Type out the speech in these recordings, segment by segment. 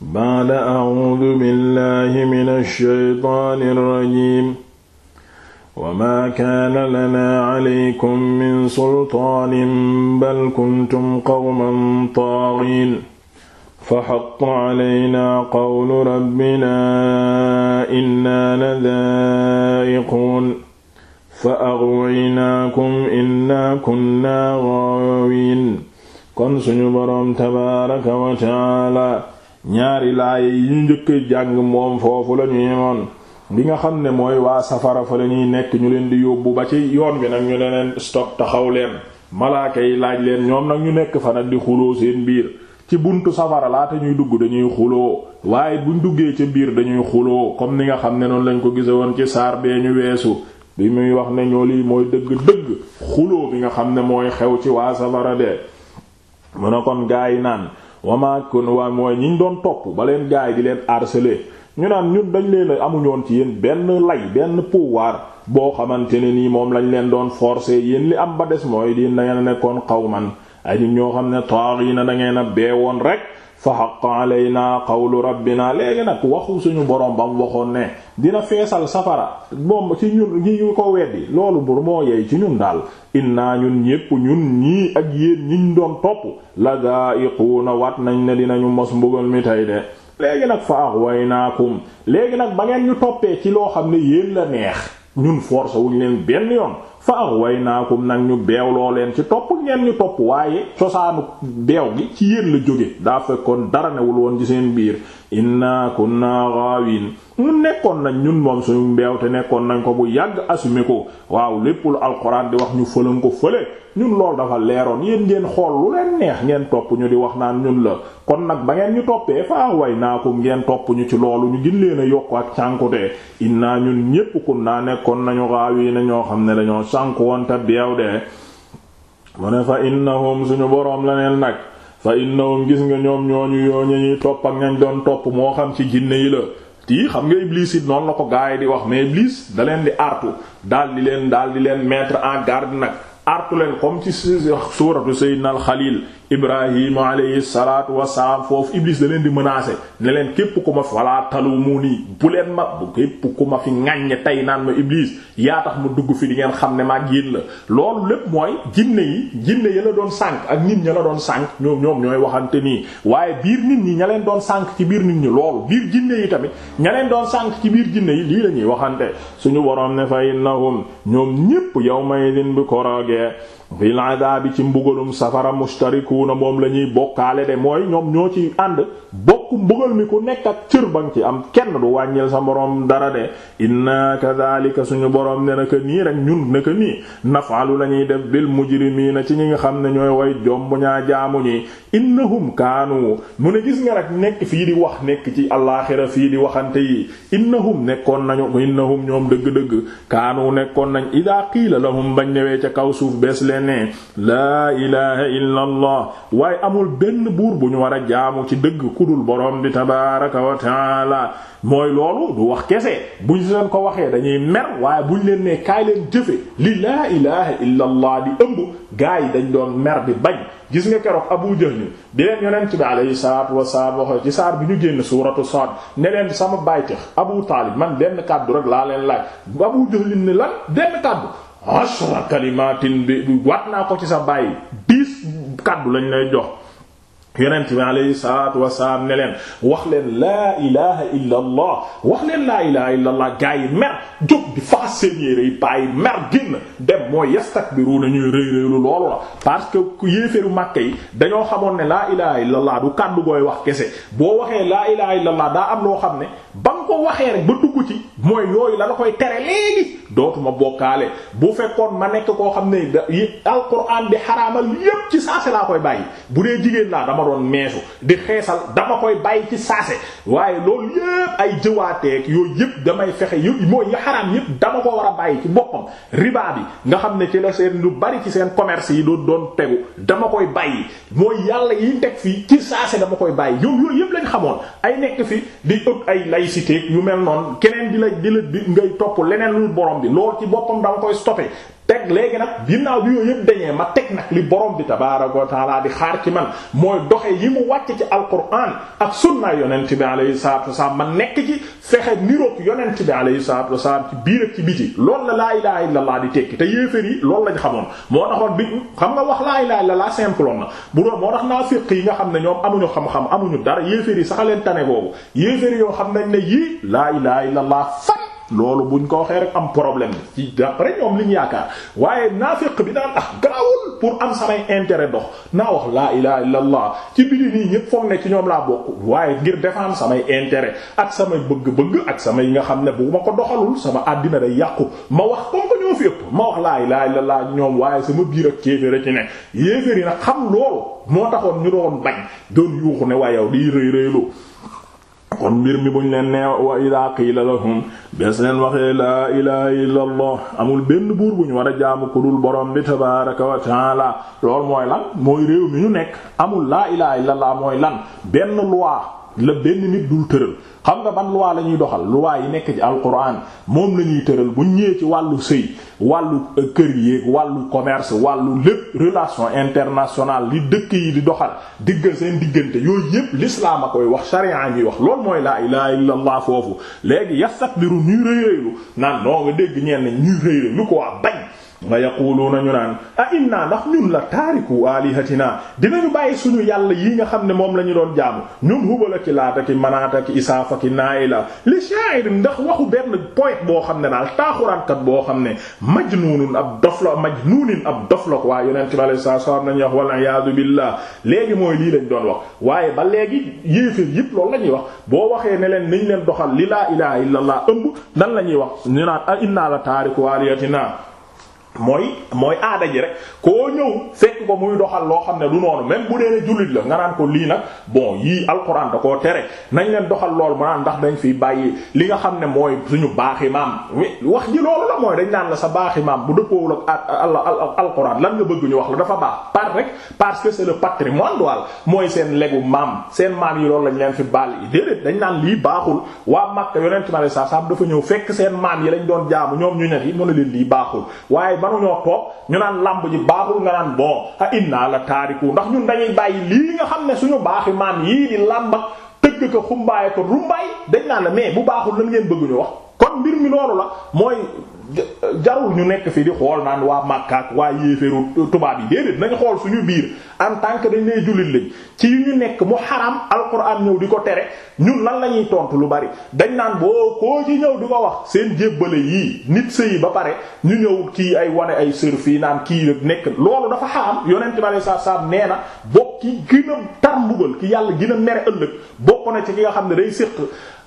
baada acuudu billahi min alsheytaani alrajim wama kaana lana calaykum min sultaanin bal kuntum qawman taagiin fa xaqa calaynaa qawlu rabbina inna ladaa'iquun fa agwaynaakum inna kunna gaawiin kon suñu boroom tabaaraka wa tacaala ñaari laay yi ñu njëkk jàng moom foofu lañu ñu bi nga xam ne mooy waa safara fa la nekk ñu leen di yóbbu ba ci yoon bi nag ñu ne leen stop taxaw leen malaaka yi laaj leen ñoom nag ñu nekk fa di xuloo seen biir ci buntu safara laata ñuy dugg dañuy xuloo waaye buñ duggee ca biir dañuy xuloo comme ni nga xam ne noonu lañ ko gise woon ci saar bee ñu weesu bi muy wax ne ñoo lii mooy dëgg-dëgg xuloo bi nga xam ne mooy xew ci waa safara de mën a kon naan wama kun wa mooy ñi ñu doon topp ba leen gaay di leen harceler ñu naan ñun dañ leen a amuñoon ci yéen benn lay benn pouvoir boo xamante ne nii moom lañ leen doon forcer yéen li am ba des mooy di da a nekkoon xawman ay ñu ñoo xam ne taax yi na da ngeen a beewoon rek fa xaqa alaynaa qawlu rabbina léegi nag waxu suñu borom bam mu waxoon ne dina feesal safara bomb ci ñun ñi ñu ko weddi loolu bur moo yey ci ñun daal innaa ñun ñépp ñun ñii ak yéen ñiñ doon topp la daa'iquuna wat nañ ne dinañu mos mbugal mi tey de léegi nag fa aghwaynaakum léegi nag ba ngeen ñu toppee ci loo xam ne yéen la neex ñun force wuñ leen benn yoon way naa aghwaynaakum nag ñu beewloo leen ci topp ngeen ñu topp waaye cosaanu beew gi ci yéen la jóge daa fekkoon dara newul woon ci seen biir inna kunna ghaawin mu nekkoon nañ ñun moom suñu mbeew te nekkoon nañ ko bu yàgg assumé ko waaw lépp lu alxuraan di wax ñu fëlan ko fële ñun loolu dafa leeroon yéen ngeen xool lu leen neex ngeen topp ñu di wax naan ñun la kon nag ba ngeen ñu toppee faa way naa ko ngeen topp ñu ci loolu ñu gin leen a yokk ak cànkute inna ñun ñépp kun naa nekkoon nañu gaawi na ñoo xam ne dañoo sànq woon te beew de mu ne fa innahum suñu boroom la neen nag fa innahum gis nga ñoom ñooñu yooñu ñuy topp ak ñañ doon topp moo xam ci jinne yi la tii xam nga Iblis it noonu la ko gaay di wax mais Iblis da leen di artu daal di leen daal di leen mettre en garde nag artu leen comme ci suuratu sayyidina al-Xaliil Ibrahima alayhi salaatu wassalaam foofu Iblis da leen di menacer ne leen képp ku ma fi walla talumuunii bu leen ma bu képp ku ma fi ŋaññe tey naan ma Iblis yaa tax mu dugg fi di ngeen xam ne maag yéen la. loolu lépp mooy jinne yi jinne yi la doon sànq ak nit ña la doon sànq ñoom ñoom ñooy waxante nii waaye biir nit ñi ña leen doon sànq ci biir nit ñi loolu biir jinne yi tamit ña leen doon sànq biir jinne yi lii la waxante suñu waroon ne fa innahum ñoom ñépp dee fil bi ci mbugalum safara mustarikuuna moom la ñuy bokkaale de mooy ñoom ñoo ci ànd bokk mbugal mi ku nekk ak cër ba nga ci am kenn du wàññil sa borom dara de inna kadhalika suñu borom ne naka nii rek ñun naka nii nafalu la ñuy def bil mujrimiina ci ñi nga xam ne ñooy way jomb ñaa jaamu ñi innahum kaanu mu ne gis nga rek nekk fii di wax nekk ci àllaaxira fii di waxante yi innahum nekkoon nañu innahum ñoom dëgg-dëgg kaanu nekkoon nañ idaa qiila lahum bañ newee ca kaw suuf bees ne ne laa ilaha illa allah waaye amul benn buur bu ñu war a jaamu ci dëgg kudul borom bi tabaraka wa taala mooy loolu du wax kese bu si leen ko waxee dañuy mer waaye buñ leen ne kaay leen jëfe li laa ilaha illa di ëmb gaa yi dañ doon mer di bañ gis nga keroog Abu Jahl bi leen yonent bi alayhi salaatu wasalaam waxee saar bi ñu génn suuratu Saad ne leen sama baytix Abu Taalib man benn kàddu rek laa leen laaj Abu Jahl ne lan benn kàddu ashra kalimatin bi waat naa ko ci sa bàyyi dix kàddu lañ lay jox yonent bi alayhi salaatu wasalaam ne leen wax leen laa ilaha illa allah wax leen laa ilaha illa allah gaa yi mer jóg di faxas seen yére yi paa mer génn dem mooy yastakbiruuna ñuy rëy rëylu loolu la parce que yéeféru Makka yi dañoo xamoon ne laa ilaha illa allah du kàddu gooy wax kese boo waxee laa ilaha illa daa am loo xam ne ba ko waxee rek ba dugg ci mooy yooyu la la koy tere léegi dootuma bokkaale bu fekkoon ma nekk koo xam ne alquran di xaraamal yépp ma doon meesu di xeesal dama koy bàyyi ci saase waaye loolu yépp ay jëwaateeg yooyu yépp damay fexe yëpp mooy yi xaraam yépp dama ko war a bàyyi ci boppam riba bi nga xam ne ci la seen lu bari ci seen commerce yi doon doon tegu dama koy bàyyi mooy yàlla yi teg fii ci saase dama koy bàyyi yow yooyu yépp lañ xamoon ay nekk fi di ëpp ay laïcité yu mel noonu keneen di la di la di ngay topp leneen lu borom bi loolu ci boppam dama koy stoppé teg léegi nag ginnaaw bi yooyu yëpp dañee ma teg nag li borom bi tabaaraka wa taala di xaar ci man mooy doxe yi mu wàcc ci alquran ak sunna yonent bi alayhi salaatu wasalaam ma nekk ci fexe niroog yonent bi alayhi salaatu wasalaam ci biir ak ci biti lool la laa ilaha illallah di tekki te yéeféer yi loolu lañ xamoon moo taxoon bi xam nga wax laa ilaha illallah simple on na bu doon moo tax naafiq yi nga xam ne ñoom amuñu xam-xam amuñu dara yéeféer yi sax leen boobu yéeféer yoo xam nañ ne yii laa ilaha illallah fan loolu buñ ko waxee rek am problème ci d'après ñoom liñ yaakaar waaye naafiq bi daan tax ah, garawul pour am samay intérêt dox naa wax laa ilaha illa allah ci biri nii ñépp foog ne ci ñoom laa bokk waaye ngir défendre samay intérêt ak samay bëgg-bëgg ak sama yi nga xam ne bu ma ko doxalul sama àddina day yàqu ma wax comme que ñoo fi ma wax laa ilaha illa allah ñoom waaye sama biir ak kéeféra ci ne yéefér yi nag xam loolu moo taxoon ñu doon bañ doon ne waaye yow di kon mbir mi buñ leen nee wa ida qiila lahum bees leen waxee laa ilaha illa amul benn buur bu ñu war a jaamu ku dul borom bi tabaraka wa taala loolu mooy lan mooy réew mi ñu nekk amul laa ilaha illa mooy lan benn loi la benn nit dul tëral xam nga ban loi la ñuy doxal loi yi nekk ci alquran moom la ñuy tëral bu ñëwee ci wàllu sëy wàllu euh, kër yéeg wàllu commerce wàllu lépp relation internationale li dëkk yi di doxal diggal seen diggante yooyu yépp l'islam a koy wax charia ñuy wax loolu mooy laa ilaha illa allah foofu léegi yastakbiru ñuy rëy rëylu naan noo nga dégg ñeen ñuy rëy rëylu ko waa bañ nga yaquluuna ñu naan a inna ndax ñun la taariku alihatina dinañu bàyyi suñu yàlla yi nga xam ne moom la ñu doon jaamu ñun hubala ki laata ki manaata ki isaafa ki naayila li sha'irin ndax waxu benn poète boo xam ne daal taaxuraankat boo xam ne majnuunun ab dof la majnuunin ab dof la ko waaye yonent bi alayhi salaatu salaam nañuy wax wal iyaadu billah léegi mooy lii lañ doon wax waaye ba léegi yéeféer yépp loolu la ñuy wax boo waxee ne leen niñ leen doxal li laa ilaha illa allah nan la ñuy wax ñu naan a inna la taariku alihatina mooy mooy aada ji rek koo ñëw fekk ko muy doxal loo xam ne lu noonu même bu dee ne jullit la nga naan ko lii nag bon yii alxuraan da koo tere nañ leen doxal lool mu naan ndax dañ fiy bàyyi li nga xam ne mooy suñu baaxi maam wax ji loolu la mooy dañ naan la sa baaxi maam bu dëppoowul ak alxuraan lan nga bëgg wax la dafa baax par rek parce que c'est le patrimoine mooy seen legu maam seen maam yi loolu lañ leen fi baal yi déedéet dañ naan lii baaxul waa Makka yonent ma la sa sam dafa ñëw fekk seen maam yi lañ doon jaamu ñoom ñu ne yi mën a leen lii baaxul waaye manuñoo toog ñu naan lamb ji baaxul nga bon a inna la taariku ndax ñun dañuy bàyyi lii nga xam ne suñu baax baaxi maam yii di làmb tëgg ko xumbaay ko rumbaay dañ naan la mais bu baaxul lan ngeen bëgg ñu wax kon mbir mi loolu la mooy jarul ñu nekk fi di xool naan waa Makka ak waa yéeféeru tubaab yi déedéet nañu xool suñu biir en tant que dañ lay jullit lañ ci yu ñu nekk mu xaram alxuraan ñëw di ko tere ñun lan la ñuy tontu lu bari dañ naan boo koo ci ñëw di ko wax seen jébbale yi nit sëyi ba pare ñu ñëw kii ay wane ay sër fii naan kii nekk loolu dafa xaram yonent bi sallallahu alayhi wasallam nee na bokk ki gën a tar mbugal ki yàlla gën a mere ëllëg bokk na ci ki nga xam ne day séq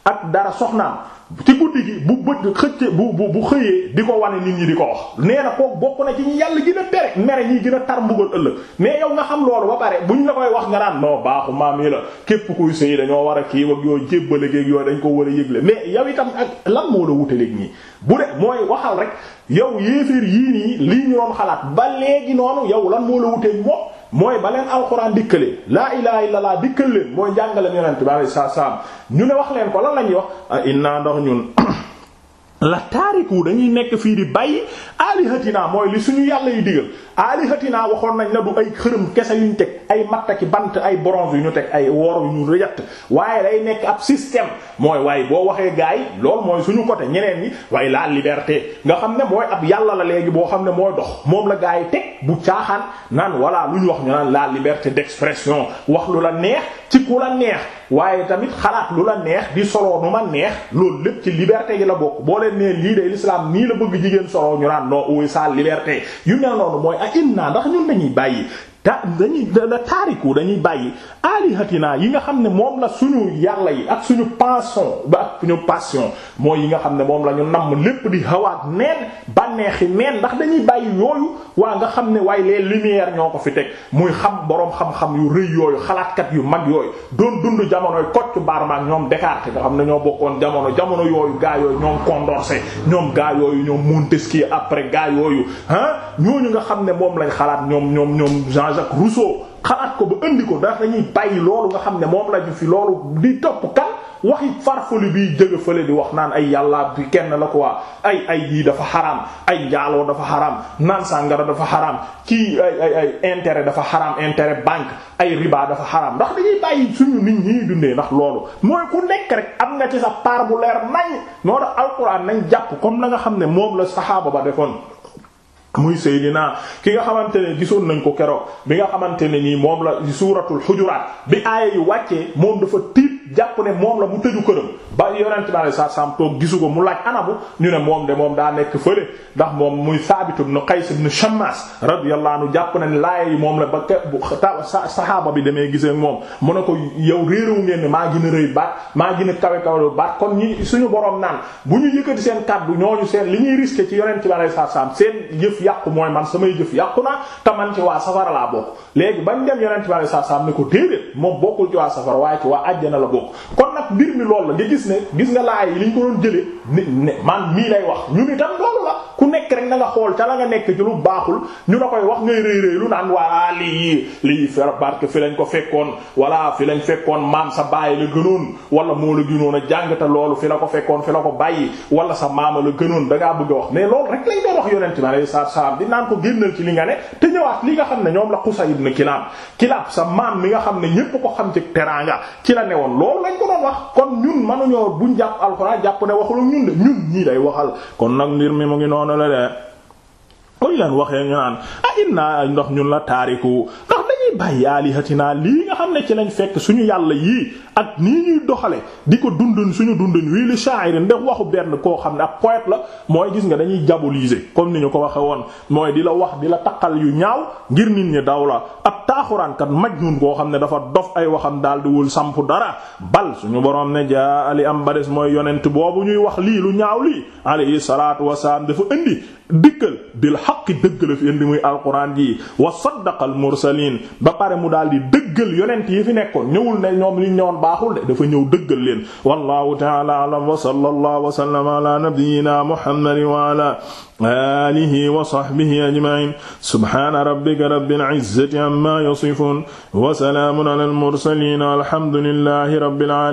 ak dara soxnaam ci guddi gi bu bë xëcce bu bu bu xëyee di ko wane nit ñi di ko wax nee na kooku bokk na ci ñi yàlla gën a tere mere ñi gën tar mbugal ëllëg mais yow nga xam loolu ba pare bu buñ la koy wax nga naan non baaxu maam yi la képp kuy sëy dañoo war a kii ak yooyu jébbale géeg yooyu dañ ko war a yëgle mais yow itam ak lan moo la wutaleeg ñii bu de mooy waxal rek yow yéeféer yii nii lii ñu doon xalaat ba léegi noonu yow lan moo la wuteeg mooy ba leen alxuraan dikkalee laa ilaha illa laa dikkal leen mooy jàngale yonent bi alayhi salaam ñu ne wax leen ko lan la ñuy wax a inna ndax ñun la taariku dañuy nekk fii di bàyyi aalihatinaa mooy li suñu yàlla yi digal aalihatinaa waxoon nañ la du ay xërëm kese yuñ teg ay mattaki bant ay bronze yu ñu teg ay wor yu ñu rëjat waaye day nekk ab système mooy waaye boo waxee gaay loolu mooy suñu côté ñeneen yi waaye la liberté nga xam ne mooy ab yàlla la léegi boo xam ne mooy dox moom la gaay teg bu caaxaan naan voilà lu ñu wax ñu naan la liberté d'expression wax lu la neex ci ku la neex waaye tamit xalaat lu la neex di soloo nu ma neex loolu lépp ci liberté gi la bokk boo leen nee lii de l'islam nii la bëgg jigéen soloo ñu naan non oui sa liberté yu mel noonu mooy ah inna ndax ñun dañuy bàyyi ta dañuy la taariku dañuy bàyyi alihatina yi nga xam ne moom la suñu yàlla yi ak suñu passion ba ak suñu passion mooy yi nga xam ne moom lañu namm lépp di hawaat neen bànneexi neen ndax dañuy bàyyi yooyu waa nga xam ne waaye les lumières ñoo ko fi muy xam boroom xam-xam yu rëy yooyu xalaatkat yu mag yooyu doon dund jamonoy kocc baarmaak ñoom Descartes nga xam ne ñoo bokkoon jamono jamono yooyu gaa yooyu ñoom Condorcet ñoom gaa yooyu ñoom Montesquieu après gaa yooyu ah ñooñu nga xam ne moom lañ xalaat ñoom ñoom ñoom Jean-Jacques Rousseau xalaat ko ba indi ko ndax dañuy bàyyi loolu nga xam ne moom la ñu fi loolu di topp kan waxi farfoli bi jëge fële di wax naan ay yàllaa bi kenn la quoi ay ay dafa xaraam ay njaaloo dafa xaraam naan sàngara dafa xaraam kii ay dafa xaraam intérêt banque ay riba dafa xaraam ndax dañuy bàyyi suñu nit dundee ndax loolu mooy ku nekk rek am nga ci sa part bu leer nañ noo tax nañ jàpp comme la nga xam ne moom la saxaaba ba defoon muy Seydina ki nga xamante ne gisoon nañ ko keroog bi nga xamante ne nii moom la suratul xujuraat bi aaya yu wàccee moom dafa tiit jàpp ne moom la mu tëju këram ba yonent bi alayhi salaam toog gisu ko mu laaj anabu ñu ne moom de moom daa nekk fële ndax moom muy Saabit ibn Qays ibn Shammas radiyallahu anhu jàpp ne laaya yi moom la ba saxaaba bi demee gisee moom mu ne ko yow réeréwu ngeen ne maa gën a rëy baat maa gën a kawe kawe baat kon ñi suñu borom naan bu ñu yëkkati seen kàddu ñooñu seen li ñuy risqué ci yonent bi alayhi seen jëf yàqu mooy man samay jëf yàqu na te man ci waa safara laa bokk léegi bañ dem yonent bi alayhi salaam ne ko déedéet moom bokkul ci waa safara waaye ci waa àjjana la bokk kon nag mbir mi loolu la nga gis ne gis nga laay yi li ko doon jëlee ne man mii lay wax ñu ni tam loolu la. ku nekk rek na nga xool ca la nga nekk ci lu baaxul ñu la koy wax ngay rëy rëy lu naan waa lii lii faire barke fi lañ ko fekkoon walla fi lañ fekkoon maam sa baay la gënoon wala moo la gënoon a jàng te loolu fi la ko fekkoon fi la ko bàyyi wala sa maama la gënoon da ngaa bëgg wax mais loolu rek lañ doon wax yonent di naan ko génnal ci li nga te ñëwaat li nga xam ne ñoom la Qusay ibn Kilab Kilab sa maam mi nga xam ne ñépp ko xam ci teraanga ki la newoon loolu lañ ko doon wax kon ñun mënuñoo buñ jàpp alxuraan jàpp ne waxul ñun de ñun ñii day waxal kon nag mbir mi mu ngi noonu noonu la de koy leen waxee ñu naan ah inna ndax ñun la taariku bàyyi alihatina lii nga xam ne ci lañ fekk suñu yàlla yii ak nii ñuy doxale di ko dundun suñu dundun wii li sha'ir ndax waxu benn koo xam ne ak poète la mooy gis nga dañuy diaboliser comme ni ñu ko waxe woon mooy di la wax di la taqal yu ñaaw ngir nit ñi daw la ab taaxuraankat majnun koo xam ne dafa dof ay waxam daal di wul sampu dara bal suñu borom ne jaa ali am bares mooy yonent boobu ñuy wax lii lu ñaaw lii alayhi salaatu wasalaam dafa indi dëggal bil xaqi dëgg la fi indi muy alquran ji wa saddaqal mursalin ba pare mu daal di dëggal yonent yi fi nekkoon ñëwul ne ñoom li ñëwoon baaxul de dafa ñëw dëggal leen wallahu ta'ala a'lam wa sallallahu wa sallama ala nabiyyina muhammadin wa ala alihi wa sahbihi ajma'in subhana rabbika rabbil izzati amma yasifun wa salamun ala al mursalin alhamdulillahi rabbil alamin